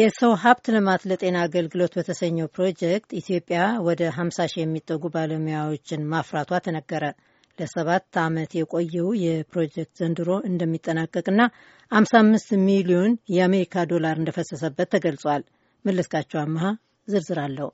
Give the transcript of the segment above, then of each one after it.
የሰው ሀብት ልማት ለጤና አገልግሎት በተሰኘው ፕሮጀክት ኢትዮጵያ ወደ 50 ሺህ የሚጠጉ ባለሙያዎችን ማፍራቷ ተነገረ። ለሰባት ዓመት የቆየው የፕሮጀክት ዘንድሮ እንደሚጠናቀቅና 55 ሚሊዮን የአሜሪካ ዶላር እንደፈሰሰበት ተገልጿል። መለስካቸው አመሃ ዝርዝር አለው።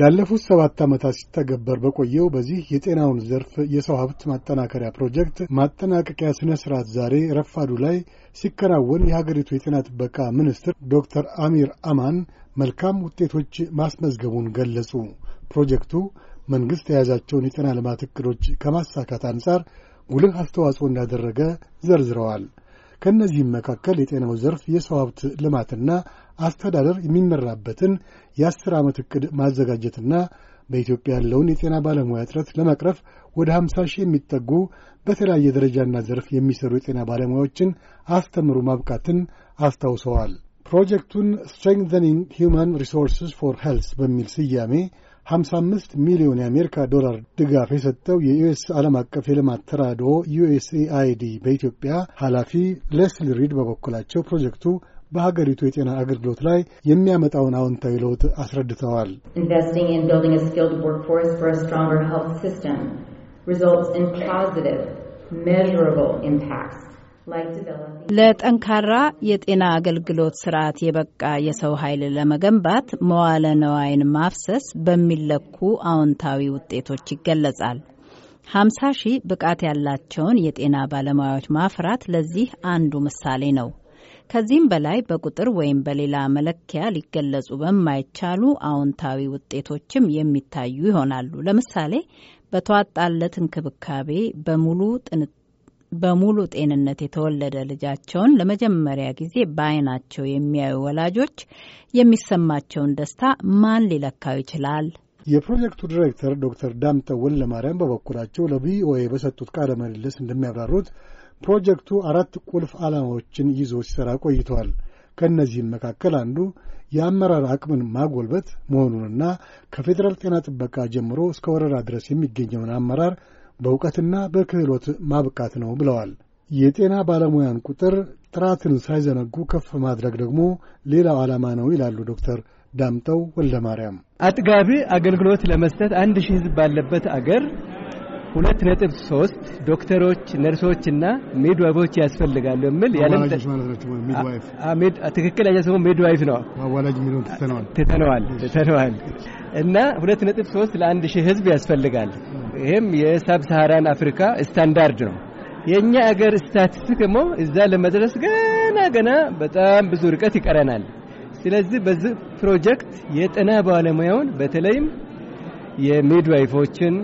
ላለፉት ሰባት ዓመታት ሲተገበር በቆየው በዚህ የጤናውን ዘርፍ የሰው ሀብት ማጠናከሪያ ፕሮጀክት ማጠናቀቂያ ሥነ ሥርዓት ዛሬ ረፋዱ ላይ ሲከናወን የሀገሪቱ የጤና ጥበቃ ሚኒስትር ዶክተር አሚር አማን መልካም ውጤቶች ማስመዝገቡን ገለጹ። ፕሮጀክቱ መንግሥት የያዛቸውን የጤና ልማት እቅዶች ከማሳካት አንጻር ጉልህ አስተዋጽኦ እንዳደረገ ዘርዝረዋል። ከእነዚህም መካከል የጤናው ዘርፍ የሰው ሀብት ልማትና አስተዳደር የሚመራበትን የአስር ዓመት ዕቅድ ማዘጋጀትና በኢትዮጵያ ያለውን የጤና ባለሙያ እጥረት ለመቅረፍ ወደ ሀምሳ ሺህ የሚጠጉ በተለያየ ደረጃና ዘርፍ የሚሰሩ የጤና ባለሙያዎችን አስተምሩ ማብቃትን አስታውሰዋል። ፕሮጀክቱን ስትሬንግዘኒንግ ሂውማን ሪሶርስስ ፎር ሄልስ በሚል ስያሜ 55 ሚሊዮን የአሜሪካ ዶላር ድጋፍ የሰጠው የዩኤስ ዓለም አቀፍ የልማት ተራድኦ ዩኤስኤአይዲ በኢትዮጵያ ኃላፊ ሌስሊ ሪድ በበኩላቸው ፕሮጀክቱ በሀገሪቱ የጤና አገልግሎት ላይ የሚያመጣውን አዎንታዊ ለውጥ አስረድተዋል። results in positive, measurable impacts ለጠንካራ የጤና አገልግሎት ስርዓት የበቃ የሰው ኃይል ለመገንባት መዋለ ነዋይን ማፍሰስ በሚለኩ አዎንታዊ ውጤቶች ይገለጻል። 50 ሺህ ብቃት ያላቸውን የጤና ባለሙያዎች ማፍራት ለዚህ አንዱ ምሳሌ ነው። ከዚህም በላይ በቁጥር ወይም በሌላ መለኪያ ሊገለጹ በማይቻሉ አዎንታዊ ውጤቶችም የሚታዩ ይሆናሉ። ለምሳሌ በተዋጣለት እንክብካቤ በሙሉ በሙሉ ጤንነት የተወለደ ልጃቸውን ለመጀመሪያ ጊዜ በዓይናቸው የሚያዩ ወላጆች የሚሰማቸውን ደስታ ማን ሊለካው ይችላል? የፕሮጀክቱ ዲሬክተር ዶክተር ዳምጠው ወለማርያም በበኩላቸው ለቪኦኤ በሰጡት ቃለ ምልልስ እንደሚያብራሩት ፕሮጀክቱ አራት ቁልፍ ዓላማዎችን ይዞ ሲሰራ ቆይተዋል። ከእነዚህም መካከል አንዱ የአመራር አቅምን ማጎልበት መሆኑንና ከፌዴራል ጤና ጥበቃ ጀምሮ እስከ ወረዳ ድረስ የሚገኘውን አመራር በእውቀትና በክህሎት ማብቃት ነው ብለዋል። የጤና ባለሙያን ቁጥር ጥራትን ሳይዘነጉ ከፍ ማድረግ ደግሞ ሌላው ዓላማ ነው ይላሉ ዶክተር ዳምጠው ወልደ ማርያም። አጥጋቢ አገልግሎት ለመስጠት አንድ ሺህ ህዝብ ባለበት አገር ሁለት ነጥብ ሶስት ዶክተሮች ነርሶችና ሚድዋይፎች ያስፈልጋሉ የሚል ትክክለኛ ስሙ ሚድዋይፍ ነው። አዋላጅ ትተነዋል ትተነዋል እና ሁለት ነጥብ ሶስት ለአንድ ሺህ ህዝብ ያስፈልጋል። ይህም የሳብሳሃራን አፍሪካ ስታንዳርድ ነው። የእኛ አገር ስታቲስቲክ ደግሞ እዛ ለመድረስ ገና ገና በጣም ብዙ ርቀት ይቀረናል። ስለዚህ በዚህ ፕሮጀክት የጤና ባለሙያውን በተለይም የሚድዋይፎችን፣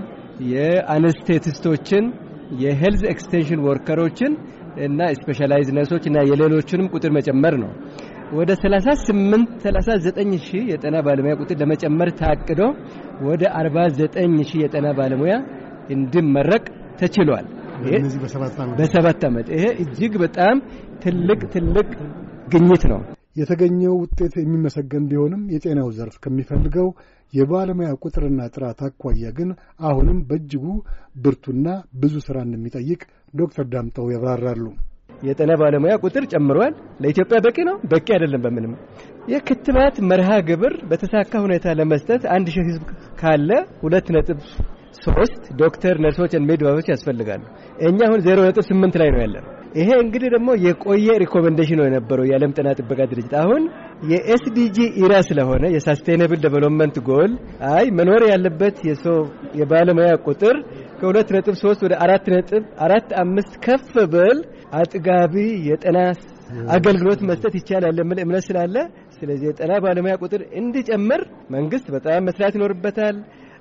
የአነስቴቲስቶችን፣ የሄልዝ ኤክስቴንሽን ወርከሮችን እና ስፔሻላይዝ ነርሶች እና የሌሎችንም ቁጥር መጨመር ነው። ወደ 38 39 ሺህ የጤና ባለሙያ ቁጥር ለመጨመር ታቅዶ ወደ 49 ሺህ የጤና ባለሙያ እንዲመረቅ ተችሏል። በሰባት ዓመት ይሄ እጅግ በጣም ትልቅ ትልቅ ግኝት ነው። የተገኘው ውጤት የሚመሰገን ቢሆንም የጤናው ዘርፍ ከሚፈልገው የባለሙያ ቁጥርና ጥራት አኳያ ግን አሁንም በእጅጉ ብርቱና ብዙ ሥራ እንደሚጠይቅ ዶክተር ዳምጠው ያብራራሉ። የጤና ባለሙያ ቁጥር ጨምሯል። ለኢትዮጵያ በቂ ነው? በቂ አይደለም። በምንም የክትባት መርሃ ግብር በተሳካ ሁኔታ ለመስጠት አንድ ሺህ ህዝብ ካለ ሁለት ነጥብ ሶስት ዶክተር ነርሶች፣ ሜድባቦች ያስፈልጋሉ። እኛ አሁን ዜሮ ነጥብ ስምንት ላይ ነው ያለን። ይሄ እንግዲህ ደግሞ የቆየ ሪኮመንዴሽን ነው የነበረው የዓለም ጤና ጥበቃ ድርጅት። አሁን የኤስዲጂ ኢራ ስለሆነ የሳስቴነብል ዴቨሎፕመንት ጎል አይ መኖር ያለበት የሰው የባለሙያ ቁጥር ከሁለት ነጥብ ሶስት ወደ አራት ነጥብ አራት አምስት ከፍ ብል አጥጋቢ የጤና አገልግሎት መስጠት ይቻላል የሚል እምነት ስላለ ስለዚህ የጤና ባለሙያ ቁጥር እንዲጨምር መንግስት በጣም መስራት ይኖርበታል።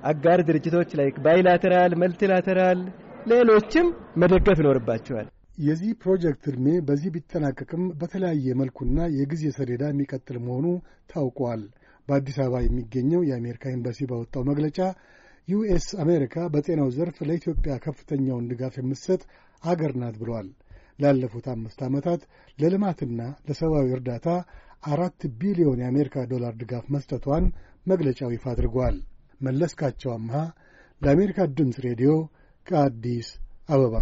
አጋር ድርጅቶች ላይ ባይላተራል፣ መልቲላተራል፣ ሌሎችም መደገፍ ይኖርባቸዋል። የዚህ ፕሮጀክት እድሜ በዚህ ቢጠናቀቅም በተለያየ መልኩና የጊዜ ሰሌዳ የሚቀጥል መሆኑ ታውቋል። በአዲስ አበባ የሚገኘው የአሜሪካ ኤምባሲ ባወጣው መግለጫ ዩኤስ አሜሪካ በጤናው ዘርፍ ለኢትዮጵያ ከፍተኛውን ድጋፍ የምትሰጥ አገር ናት ብለዋል። ላለፉት አምስት ዓመታት ለልማትና ለሰብአዊ እርዳታ አራት ቢሊዮን የአሜሪካ ዶላር ድጋፍ መስጠቷን መግለጫው ይፋ አድርጓል። መለስካቸው አምሃ ለአሜሪካ ድምፅ ሬዲዮ ከአዲስ አበባ